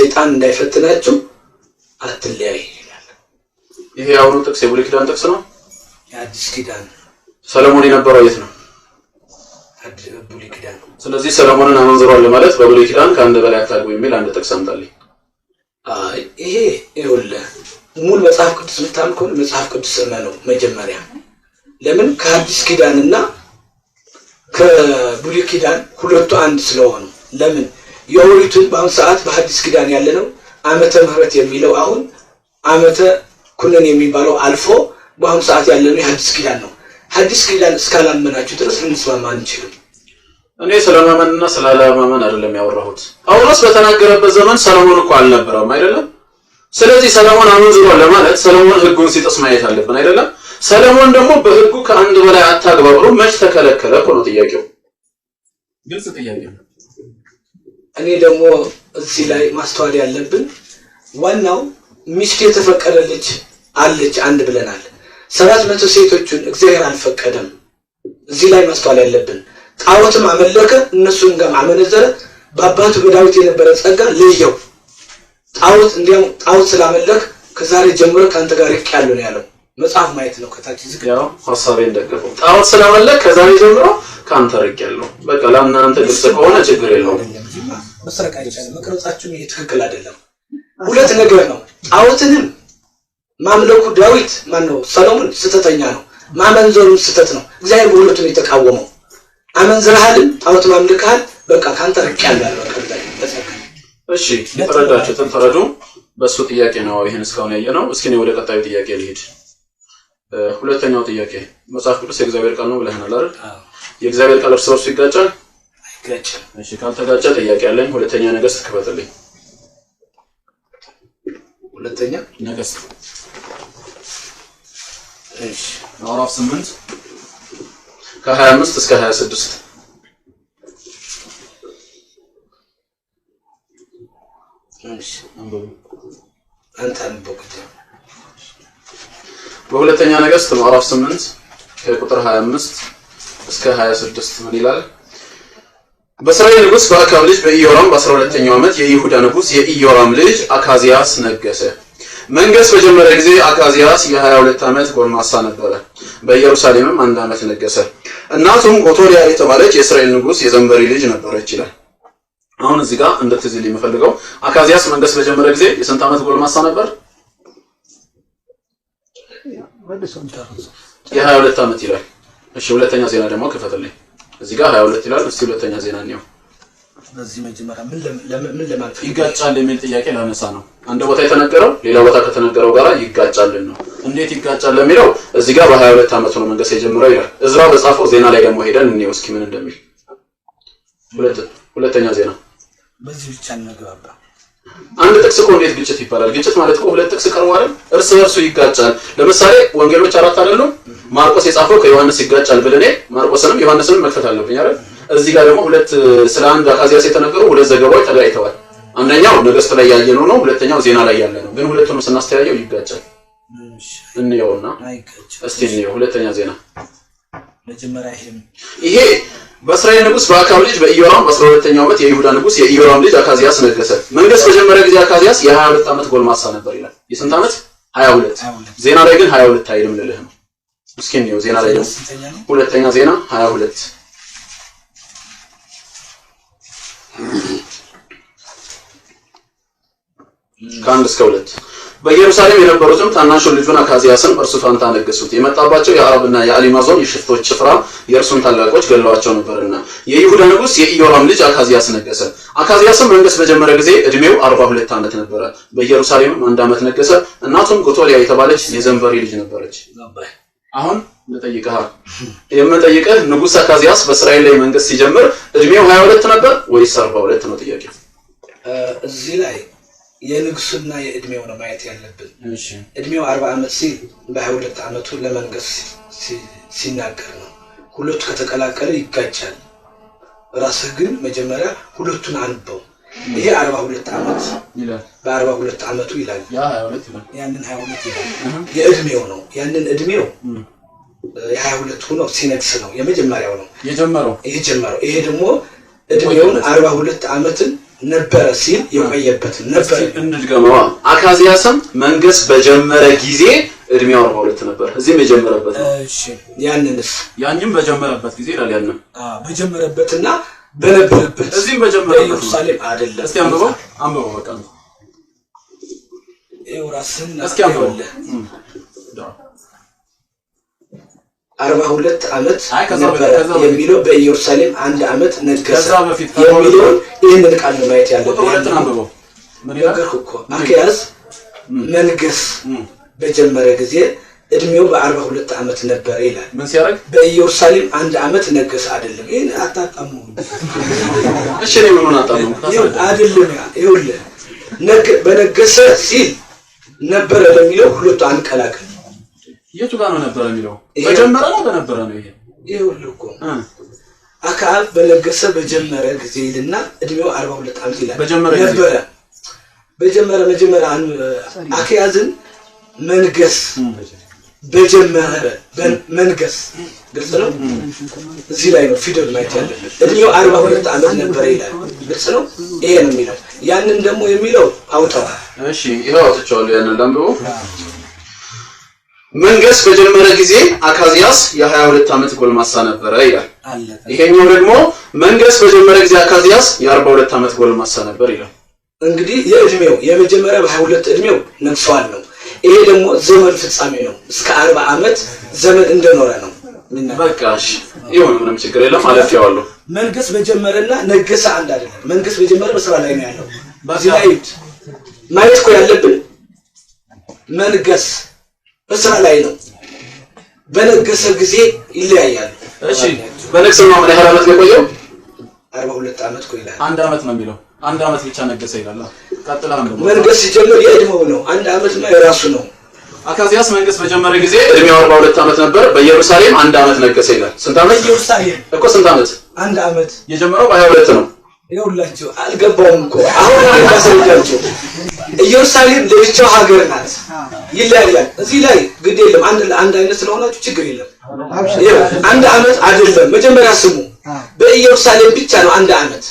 ሰይጣን እንዳይፈትናችሁ አትለያይ ይላል። ይሄ የአሁኑ ጥቅስ የብሉይ ኪዳን ጥቅስ ነው። የአዲስ ኪዳን ሰለሞን የነበረው የት ነው? ብሉይ ኪዳን። ስለዚህ ሰለሞንን አመንዝሯል ማለት በብሉይ ኪዳን ከአንድ በላይ አታግቡ የሚል አንድ ጥቅስ አምጣልኝ። ይሄ ይኸውልህ ሙሉ መጽሐፍ ቅዱስ የምታምን ከሆነ መጽሐፍ ቅዱስ ነው መጀመሪያ። ለምን ከአዲስ ኪዳንና ከብሉይ ኪዳን ሁለቱ አንድ ስለሆኑ ለምን የኦሪቱን በአሁኑ ሰዓት በሐዲስ ኪዳን ያለ ነው። ዓመተ ምሕረት የሚለው አሁን ዓመተ ኩነን የሚባለው አልፎ በአሁኑ ሰዓት ያለ ነው የሐዲስ ኪዳን ነው። ሐዲስ ኪዳን እስካላመናችሁ ድረስ ልንስማማ አንችልም። እኔ ስለማመንና ስላላማመን አይደለም ያወራሁት። ጳውሎስ በተናገረበት ዘመን ሰለሞን እኮ አልነበረም አይደለም። ስለዚህ ሰለሞን ዝሮ ለማለት ሰለሞን ህጉን ሲጥስ ማየት አለብን አይደለም። ሰለሞን ደግሞ በህጉ ከአንድ በላይ አታግባ ብሎ መች ተከለከለ እኮ ነው ጥያቄው። ግልጽ ጥያቄ ነው። እኔ ደግሞ እዚህ ላይ ማስተዋል ያለብን ዋናው ሚስት የተፈቀደ ልጅ አለች አንድ ብለናል። ሰባት መቶ ሴቶቹን እግዚአብሔር አልፈቀደም። እዚህ ላይ ማስተዋል ያለብን ጣዖትም አመለከ፣ እነሱን ጋር አመነዘረ። በአባቱ በዳዊት የነበረ ጸጋ ልየው ጣዖት እንዲያም ጣዖት ስላመለክ ከዛሬ ጀምሮ ከአንተ ጋር ርቅ ያሉ ነው ያለው መጽሐፍ ማየት ነው። ከታች ዝግ ያው ሀሳቤ ደገፈው። ጣዖት ስላመለክ ከዛሬ ጀምሮ ከአንተ ርቅ ያለው በቃ ለእናንተ ግልጽ ከሆነ ችግር የለውም። መስረቅ አይቻልም። መቅረጻችሁም ይሄ ትክክል አይደለም። ሁለት ነገር ነው። ጣዖትንም ማምለኩ ዳዊት ማነው ሰሎሞን ስተተኛ ነው። ማመንዘሩም ስተት ነው። እግዚአብሔር በሁለቱም የተቃወመው አመንዝርሃልም፣ ጣዖት ማምልክሃል፣ በቃ ከአንተ ርቅ ያለ እሺ፣ ፈረዳችሁትን ፈረዱ። በእሱ ጥያቄ ነው ይህን እስካሁን ያየ ነው። እስኪ ወደ ቀጣዩ ጥያቄ ልሂድ። ሁለተኛው ጥያቄ መጽሐፍ ቅዱስ የእግዚአብሔር ቃል ነው ብለህናል አይደል? የእግዚአብሔር ቃል እርስ በርሱ ይጋጫል? እሺ ካልተጋጨ ጥያቄ አለኝ። ሁለተኛ ነገስት ክፈትልኝ። ሁለተኛ ነገስት እሺ ምዕራፍ ስምንት ከሀያ አምስት እስከ ሀያ ስድስት በሁለተኛ ነገስት ምዕራፍ ስምንት ከቁጥር ሀያ አምስት እስከ ሀያ ስድስት ምን ይላል? በእስራኤል ንጉስ በአካብ ልጅ በኢዮራም በአስራ ሁለተኛው ዓመት የይሁዳ ንጉስ የኢዮራም ልጅ አካዚያስ ነገሰ። መንገስ በጀመረ ጊዜ አካዚያስ የ22 ዓመት ጎልማሳ ነበረ። በኢየሩሳሌምም አንድ ዓመት ነገሰ። እናቱም ጎቶሊያ የተባለች የእስራኤል ንጉስ የዘንበሪ ልጅ ነበረች ይላል። አሁን እዚህ ጋር ትዝል የምፈልገው አካዚያስ መንገስ በጀመረ ጊዜ የስንት ዓመት ጎልማሳ ነበር? የ22 ዓመት ይላል። እሺ ሁለተኛ ዜና ደግሞ ክፈትልኝ። እዚህ ጋር 22 ይላል። እስኪ ሁለተኛ ዜና ነው። በዚህ መጀመሪያ ምን ለማለት ይጋጫል የሚል ጥያቄ ላነሳ ነው። አንድ ቦታ የተነገረው ሌላ ቦታ ከተነገረው ጋር ይጋጫል ነው። እንዴት ይጋጫል ለሚለው እዚህ ጋር በ22 ዓመቱ ነው መንገስ የጀመረው ይላል። እዝራ በጻፈው ዜና ላይ ደግሞ ሄደን እንየው እስኪ ምን እንደሚል። ሁለተኛ ዜና በዚህ ብቻ እንግባባ አንድ ጥቅስ እኮ እንዴት ግጭት ይባላል? ግጭት ማለት እኮ ሁለት ጥቅስ ቀርቦ እርስ በርሱ ይጋጫል። ለምሳሌ ወንጌሎች አራት አይደሉም? ማርቆስ የጻፈው ከዮሐንስ ይጋጫል ብለኔ ማርቆስንም ዮሐንስንም መክፈት አለብኝ አይደል? እዚህ ጋር ደግሞ ሁለት ስለ አንድ አካዚያስ የተነገሩ ሁለት ዘገባዎች ተለያይተዋል። አንደኛው ነገስት ላይ ያየነው ነው፣ ሁለተኛው ዜና ላይ ያለ ነው። ግን ሁለቱንም ስናስተያየው ይጋጫል። እንየውና እስቲ እንየው ሁለተኛ ዜና መጀመሪያ ይሄም ይሄ በእስራኤል ንጉስ በአካብ ልጅ በኢዮራም በአስራ ሁለተኛው ዓመት የይሁዳ ንጉስ የኢዮራም ልጅ አካዚያስ ነገሰ። መንገስ በጀመሪያ ጊዜ አካዚያስ የሀያ ሁለት ዓመት ጎልማሳ ነበር ይላል። የስንት ዓመት? 22 ዜና ላይ ግን ሀያ ሁለት አይልም ልልህ ነው። እስኪ እንየው። ዜና ላይ ሁለተኛ ዜና ሀያ ከአንድ እስከ ሁለት በኢየሩሳሌም የነበሩትም ታናሹን ልጁን አካዚያስን እርሱ ፈንታ ነገሱት። የመጣባቸው የአረብና የአሊማዞን የሽፍቶች ጭፍራ የእርሱን ታላቆች ገለዋቸው ነበርና የይሁዳ ንጉሥ የኢዮራም ልጅ አካዚያስ ነገሰ። አካዚያስም መንግስት በጀመረ ጊዜ እድሜው አርባ ሁለት ዓመት ነበረ። በኢየሩሳሌምም አንድ ዓመት ነገሰ። እናቱም ጎቶሊያ የተባለች የዘንበሪ ልጅ ነበረች። አሁን ልጠይቅህ የምጠይቅህ ንጉሥ አካዚያስ በእስራኤል ላይ መንግስት ሲጀምር እድሜው ሀያ ሁለት ነበር ወይስ አርባ ሁለት ነው? ጥያቄ እዚህ ላይ የንግስና የእድሜው ነው ማየት ያለብን። እድሜው አርባ ዓመት ሲል በሀያ ሁለት ዓመቱ ለመንገስ ሲናገር ነው። ሁለቱ ከተቀላቀለ ይጋጫል። ራስህ ግን መጀመሪያ ሁለቱን አንበው። ይሄ አርባ ሁለት ዓመት በአርባ ሁለት ዓመቱ ይላል። ያንን ሀያ ሁለት ይላል። የእድሜው ነው። ያንን እድሜው የሀያ ሁለት ሆኖ ሲነግስ ነው የመጀመሪያው ነው የጀመረው የጀመረው። ይሄ ደግሞ እድሜውን አርባ ሁለት ዓመትን ነበረ ሲል የቆየበት ነበር። እንድገመዋ አካዚያስም መንገስ በጀመረ ጊዜ እድሜው አርባ ሁለት ነበር። እዚህም የጀመረበት እሺ ያንንስ ያንንም በጀመረበት ጊዜ ይላል። ያንን በጀመረበትና በነበረበት እዚህም በጀመረበት ኢየሩሳሌም አይደለም። እስቲ አንበበ አንበበ በቃ ነው። ይኸው ራስህን እስኪ አንብበው አርባ ሁለት ዓመት የሚለው በኢየሩሳሌም አንድ ዓመት ነገሰ የሚለውን ይህንን ቃል ማየት ያለብህ እኮ አክያዝ መንገስ በጀመረ ጊዜ እድሜው በአርባ ሁለት ዓመት ነበረ ይላል። በኢየሩሳሌም አንድ ዓመት ነገሰ። አይደለም ይህን አታጣሙ። እሺ ምን አይደለም ይኸውልህ በነገሰ ሲል ነበረ ለሚለው ሁለቱ አንቀላቀል የቱ ጋር ነው ነበረ የሚለው በጀመረ ነው በነበረ ነው ይሄ ሁሉ እኮ አካል በለገሰ በጀመረ ጊዜ ይልና እድሜው አርባ ሁለት ዓመት ይላል። በጀመረ ነበረ በጀመረ መጀመሪያ አክያዝን መንገስ በጀመረ መንገስ ግልጽ ነው። እዚህ ላይ ነው ፊደል ማየት ያለብን። እድሜው አርባ ሁለት ዓመት ነበረ ይላል። ግልጽ ነው። ይሄ ነው የሚለው። ያንን ደግሞ የሚለው አውጣው። እሺ ይኸው አውጥቼዋለሁ። ያንን ላንብበው መንገስ በጀመረ ጊዜ አካዚያስ የ22 ዓመት ጎልማሳ ነበረ ይላል። ይሄኛው ደግሞ መንገስ በጀመረ ጊዜ አካዚያስ የ42 ዓመት ጎልማሳ ነበር ይላል። እንግዲህ የእድሜው የመጀመሪያ በ22 እድሜው ነግሷል ነው። ይሄ ደግሞ ዘመን ፍጻሜ ነው። እስከ 40 ዓመት ዘመን እንደኖረ ነው። በቃ እሺ፣ ይሁን፣ ምንም ችግር የለም። ማለት አለፊያዋለሁ። መንገስ በጀመረና ነገሰ አንድ አይደለም። መንገስ በጀመረ በስራ ላይ ነው ያለው። በዚህ ላይ ማየት እኮ ያለብን መንገስ በስራ ላይ ነው። በነገሰ ጊዜ ይለያያል። እሺ በነገሰ ነው ማለት ያህል ነው የቆየው 42 አመት ዓመት ቆይላል። አንድ አመት ነው የሚለው አንድ አመት ብቻ ነገሰ ይላል። ቀጥላ ነው መንገስ ሲጀምር የእድሜው ነው። አንድ አመት ነው የራሱ ነው። አካዚያስ መንገስ በጀመረ ጊዜ እድሜው 42 አመት ነበር። በኢየሩሳሌም አንድ አመት ነገሰ ይላል። ስንት ዓመት? በኢየሩሳሌም እኮ ስንት ዓመት? አንድ አመት የጀመረው በ22 ነው ይኸውላችሁ አልገባውም እኮ አሁን እንዳስረዳችሁ ኢየሩሳሌም ለብቻው ሀገር ናት፣ ይለያያል። እዚህ ላይ ግድ የለም አንድ አይነት ስለሆናችሁ ችግር የለም። አንድ ዓመት አይደለም። መጀመሪያ ስሙ፣ በኢየሩሳሌም ብቻ ነው አንድ አመት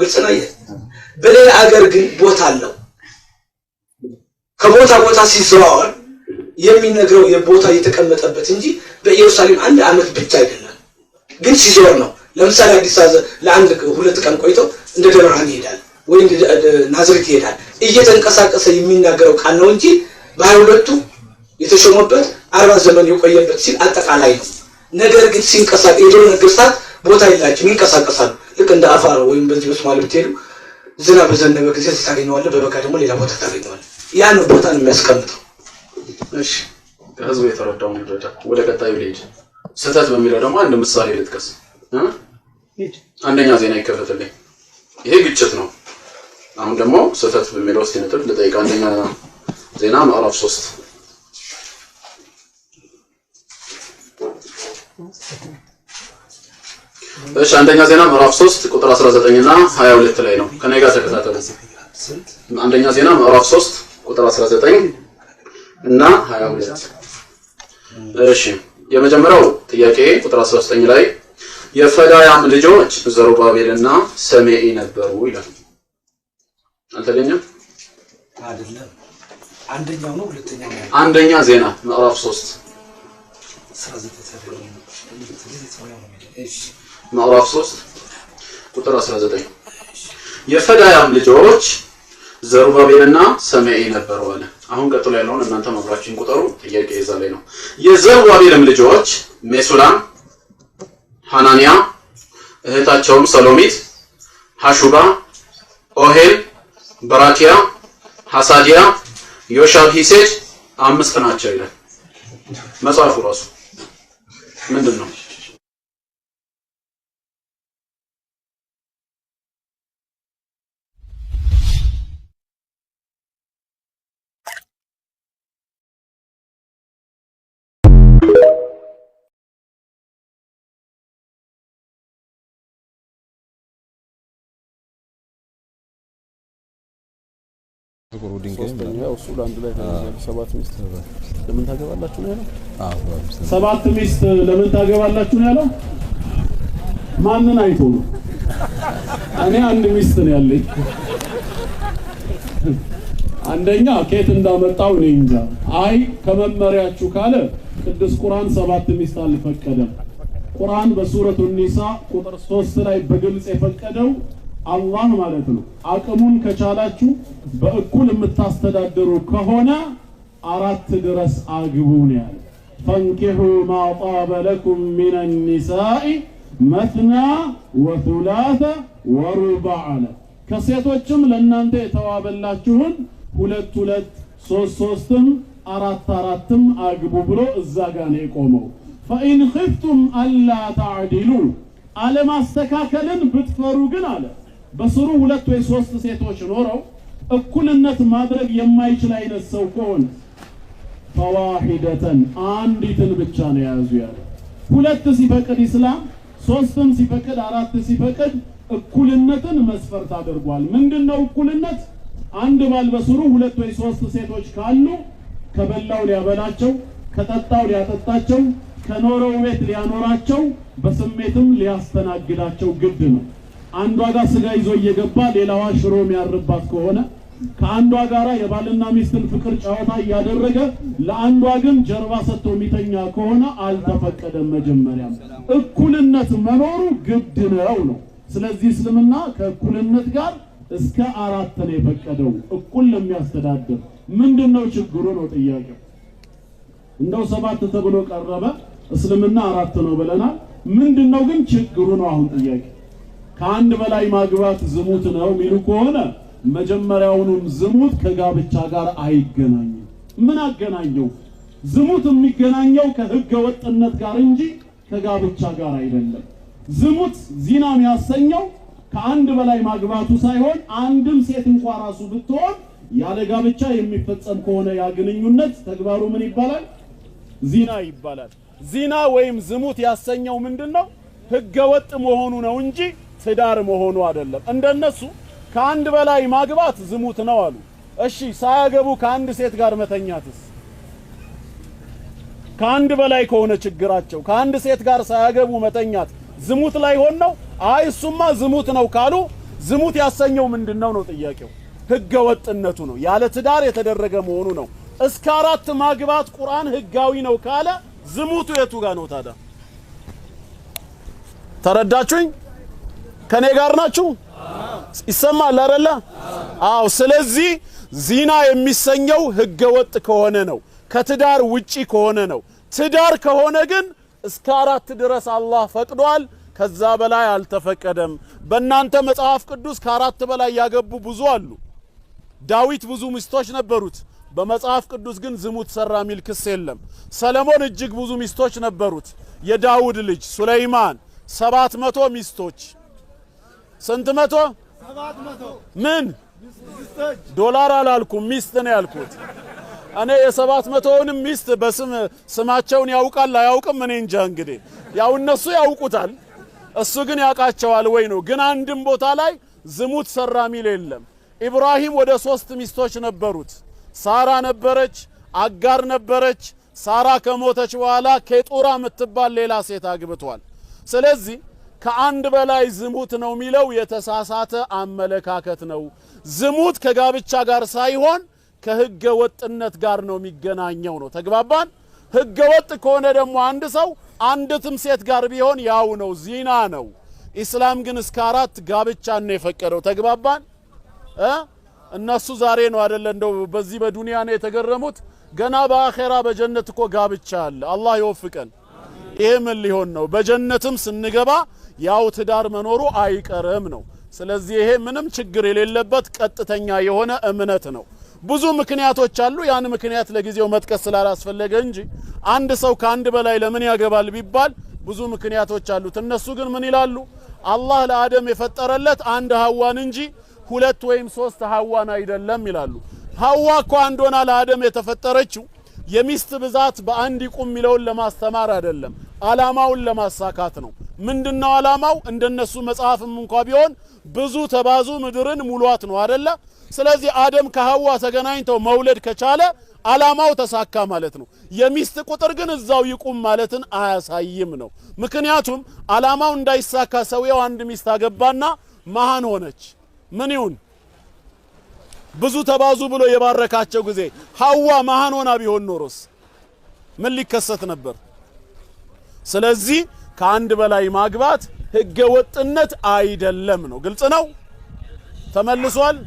ግልጽ ነው። በሌላ ሀገር ግን ቦታ አለው። ከቦታ ቦታ ሲዘዋወር የሚነግረው የቦታ የተቀመጠበት እንጂ በኢየሩሳሌም አንድ አመት ብቻ አይደለም፣ ግን ሲዞር ነው። ለምሳሌ አዲስ አበባ ለአንድ ሁለት ቀን ቆይተው እንደ ደብረ ብርሃን ይሄዳል ወይ እንደ ናዝሬት ይሄዳል እየተንቀሳቀሰ የሚናገረው ቃል ነው እንጂ በሀያ ሁለቱ የተሾመበት አርባ ዘመን የቆየበት ሲል አጠቃላይ ነው። ነገር ግን ሲንቀሳቀስ የድሮ ነገስታት ቦታ የላቸውም፣ ይንቀሳቀሳሉ። ልክ እንደ አፋር ወይም በዚህ በሶማሌ ብትሄዱ ዝናብ በዘነበ ጊዜ ታገኘዋለህ፣ በበጋ ደግሞ ሌላ ቦታ ታገኘዋለህ። ያ ነው ቦታ ነው የሚያስቀምጠው። እሺ ህዝቡ የተረዳው እንዲረዳ ወደ ቀጣዩ ልሄድ። ስህተት በሚለው ደግሞ አንድ ምሳሌ ልጥቀስ። አንደኛ ዜና ይከፈትልኝ ይሄ ግጭት ነው። አሁን ደግሞ ስህተት በሚለው እስኪ ነጥብ ልጠይቅ። አንደኛ ዜና ምዕራፍ ሶስት እሺ አንደኛ ዜና ምዕራፍ 3 ቁጥር 19 እና 22 ላይ ነው። ከኔ ጋር ተከታተሉ። አንደኛ ዜና ምዕራፍ 3 ቁጥር 19 እና 22። እሺ የመጀመሪያው ጥያቄ ቁጥር 19 ላይ የፈዳያም ልጆች ዘሩባቤልና ሰሜኢ ነበሩ ይላል። አልተገኘም? አይደለም። አንደኛው ነው። ሁለተኛው ነው። አንደኛ ዜና ምዕራፍ 3 ምዕራፍ 3 ቁጥር 19 የፈዳያም ልጆች ዘሩባቤልና ሰሜኢ ነበሩ አለ። አሁን ቀጥሎ ያለውን እናንተ መብራችሁን ቁጠሩ። ጥያቄ ይዛ ላይ ነው። የዘሩባቤልም ልጆች ሜሱላም ሐናንያ፣ እህታቸውም ሰሎሚት፣ ሐሹባ፣ ኦሄል፣ በራኪያ፣ ሐሳዲያ፣ ዮሻብ ሂሴድ አምስት ናቸው ይላል መጽሐፉ ራሱ ምንድን ነው? ጥቁሩ ድንጋይ እሱ ለአንድ ላይ ሰባት ሚስት ለምን ታገባላችሁ ነው ያለው። ሰባት ሚስት ለምን ታገባላችሁ ነው ያለው። ማንን አይቶ ነው? እኔ አንድ ሚስት ነው ያለኝ። አንደኛ ኬት እንዳመጣው እኔ እንጃ። አይ ከመመሪያችሁ ካለ ቅዱስ ቁርአን ሰባት ሚስት አልፈቀደም። ቁርአን በሱረቱ ኒሳ ቁጥር ሶስት ላይ በግልጽ የፈቀደው አላህ ማለት ነው። አቅሙን ከቻላችሁ በእኩል የምታስተዳድሩ ከሆነ አራት ድረስ አግቡ ነው ያለ። ፈንኪሁ ማ ጣበ ለኩም ሚነ ኒሳኢ መትና ወቱላተ ወሩባ አለ። ከሴቶችም ለእናንተ የተዋበላችሁን ሁለት ሁለት ሶስት ሶስትም አራት አራትም አግቡ ብሎ እዛ ጋር ነው የቆመው። ፈኢን ኽፍቱም አላ ተዕዲሉ አለማስተካከልን ብትፈሩ ግን አለ በስሩ ሁለት ወይ ሶስት ሴቶች ኖረው እኩልነት ማድረግ የማይችል አይነት ሰው ከሆነ ፈዋሂደተን አንዲትን ብቻ ነው የያዙ ያለ። ሁለት ሲፈቅድ ኢስላም፣ ሶስትም ሲፈቅድ፣ አራት ሲፈቅድ እኩልነትን መስፈርት አድርጓል። ምንድነው እኩልነት? አንድ ባል በስሩ ሁለት ወይ ሶስት ሴቶች ካሉ ከበላው ሊያበላቸው፣ ከጠጣው ሊያጠጣቸው፣ ከኖረው ቤት ሊያኖራቸው፣ በስሜትም ሊያስተናግዳቸው ግድ ነው። አንዷ ጋር ስጋ ይዞ እየገባ ሌላዋ ሽሮ የሚያርባት ከሆነ ከአንዷ ጋራ የባልና ሚስትን ፍቅር ጨዋታ እያደረገ ለአንዷ ግን ጀርባ ሰጥቶ የሚተኛ ከሆነ አልተፈቀደም። መጀመሪያም እኩልነት መኖሩ ግድ ነው ነው። ስለዚህ እስልምና ከእኩልነት ጋር እስከ አራት ነው የፈቀደው። እኩል ለሚያስተዳድር ምንድን ነው ችግሩ ነው ጥያቄው። እንደው ሰባት ተብሎ ቀረበ፣ እስልምና አራት ነው ብለናል። ምንድን ነው ግን ችግሩ ነው አሁን ጥያቄ ከአንድ በላይ ማግባት ዝሙት ነው የሚሉ ከሆነ መጀመሪያውኑም ዝሙት ከጋብቻ ጋር አይገናኝም። ምን አገናኘው? ዝሙት የሚገናኘው ከህገ ወጥነት ጋር እንጂ ከጋብቻ ጋር አይደለም። ዝሙት ዚና የሚያሰኘው ከአንድ በላይ ማግባቱ ሳይሆን አንድም ሴት እንኳ ራሱ ብትሆን ያለ ጋብቻ የሚፈጸም ከሆነ ያ ግንኙነት ተግባሩ ምን ይባላል? ዚና ይባላል። ዚና ወይም ዝሙት ያሰኘው ምንድን ነው? ህገ ወጥ መሆኑ ነው እንጂ ትዳር መሆኑ አይደለም። እንደነሱ ከአንድ በላይ ማግባት ዝሙት ነው አሉ። እሺ ሳያገቡ ከአንድ ሴት ጋር መተኛትስ? ከአንድ በላይ ከሆነ ችግራቸው ከአንድ ሴት ጋር ሳያገቡ መተኛት ዝሙት ላይ ሆን ነው? አይ እሱማ ዝሙት ነው ካሉ ዝሙት ያሰኘው ምንድነው ነው ጥያቄው። ህገ ወጥነቱ ነው፣ ያለ ትዳር የተደረገ መሆኑ ነው። እስከ አራት ማግባት ቁርአን ህጋዊ ነው ካለ ዝሙቱ የቱ ጋር ነው ታዲያ? ተረዳችሁኝ? ከኔ ጋር ናችሁ? ይሰማል አይደለ? አዎ። ስለዚህ ዚና የሚሰኘው ህገ ወጥ ከሆነ ነው፣ ከትዳር ውጪ ከሆነ ነው። ትዳር ከሆነ ግን እስከ አራት ድረስ አላህ ፈቅዷል። ከዛ በላይ አልተፈቀደም። በእናንተ መጽሐፍ ቅዱስ ከአራት በላይ ያገቡ ብዙ አሉ። ዳዊት ብዙ ሚስቶች ነበሩት። በመጽሐፍ ቅዱስ ግን ዝሙት ሰራ የሚል ክስ የለም። ሰለሞን እጅግ ብዙ ሚስቶች ነበሩት። የዳውድ ልጅ ሱለይማን ሰባት መቶ ሚስቶች ስንት መቶ ምን ዶላር አላልኩም፣ ሚስት ነው ያልኩት። እኔ የሰባት መቶውንም ሚስት በስም ስማቸውን ያውቃል አያውቅም፣ እኔ እንጃ። እንግዲህ ያው እነሱ ያውቁታል፣ እሱ ግን ያውቃቸዋል ወይ ነው። ግን አንድም ቦታ ላይ ዝሙት ሰራ ሚል የለም። ኢብራሂም ወደ ሶስት ሚስቶች ነበሩት። ሳራ ነበረች፣ አጋር ነበረች። ሳራ ከሞተች በኋላ ኬጡራ የምትባል ሌላ ሴት አግብቷል። ስለዚህ ከአንድ በላይ ዝሙት ነው የሚለው የተሳሳተ አመለካከት ነው። ዝሙት ከጋብቻ ጋር ሳይሆን ከህገ ወጥነት ጋር ነው የሚገናኘው ነው። ተግባባን? ህገ ወጥ ከሆነ ደግሞ አንድ ሰው አንድትም ሴት ጋር ቢሆን ያው ነው፣ ዚና ነው። ኢስላም ግን እስከ አራት ጋብቻ ነው የፈቀደው። ተግባባን? እነሱ ዛሬ ነው አደለ እንደው በዚህ በዱንያ ነው የተገረሙት። ገና በአኼራ በጀነት እኮ ጋብቻ አለ። አላህ ይወፍቀን። ይሄ ምን ሊሆን ነው? በጀነትም ስንገባ ያው ትዳር መኖሩ አይቀርም ነው። ስለዚህ ይሄ ምንም ችግር የሌለበት ቀጥተኛ የሆነ እምነት ነው። ብዙ ምክንያቶች አሉ። ያን ምክንያት ለጊዜው መጥቀስ ስላላስፈለገ እንጂ አንድ ሰው ከአንድ በላይ ለምን ያገባል ቢባል ብዙ ምክንያቶች አሉት። እነሱ ግን ምን ይላሉ? አላህ ለአደም የፈጠረለት አንድ ሀዋን እንጂ ሁለት ወይም ሶስት ሀዋን አይደለም ይላሉ። ሀዋ እኮ አንድ ሆና ለአደም የተፈጠረችው የሚስት ብዛት በአንድ ይቁም የሚለውን ለማስተማር አይደለም፣ አላማውን ለማሳካት ነው። ምንድነው አላማው? እንደነሱ መጽሐፍም እንኳ ቢሆን ብዙ ተባዙ ምድርን ሙሏት ነው አደለ? ስለዚህ አደም ከሐዋ ተገናኝተው መውለድ ከቻለ አላማው ተሳካ ማለት ነው። የሚስት ቁጥር ግን እዛው ይቁም ማለትን አያሳይም ነው። ምክንያቱም አላማው እንዳይሳካ ሰውየው አንድ ሚስት አገባና መሃን ሆነች። ምን ይሁን? ብዙ ተባዙ ብሎ የባረካቸው ጊዜ ሐዋ መሃን ሆና ቢሆን ኖሮስ ምን ሊከሰት ነበር? ስለዚህ ከአንድ በላይ ማግባት ህገ ወጥነት አይደለም ነው። ግልጽ ነው። ተመልሷል።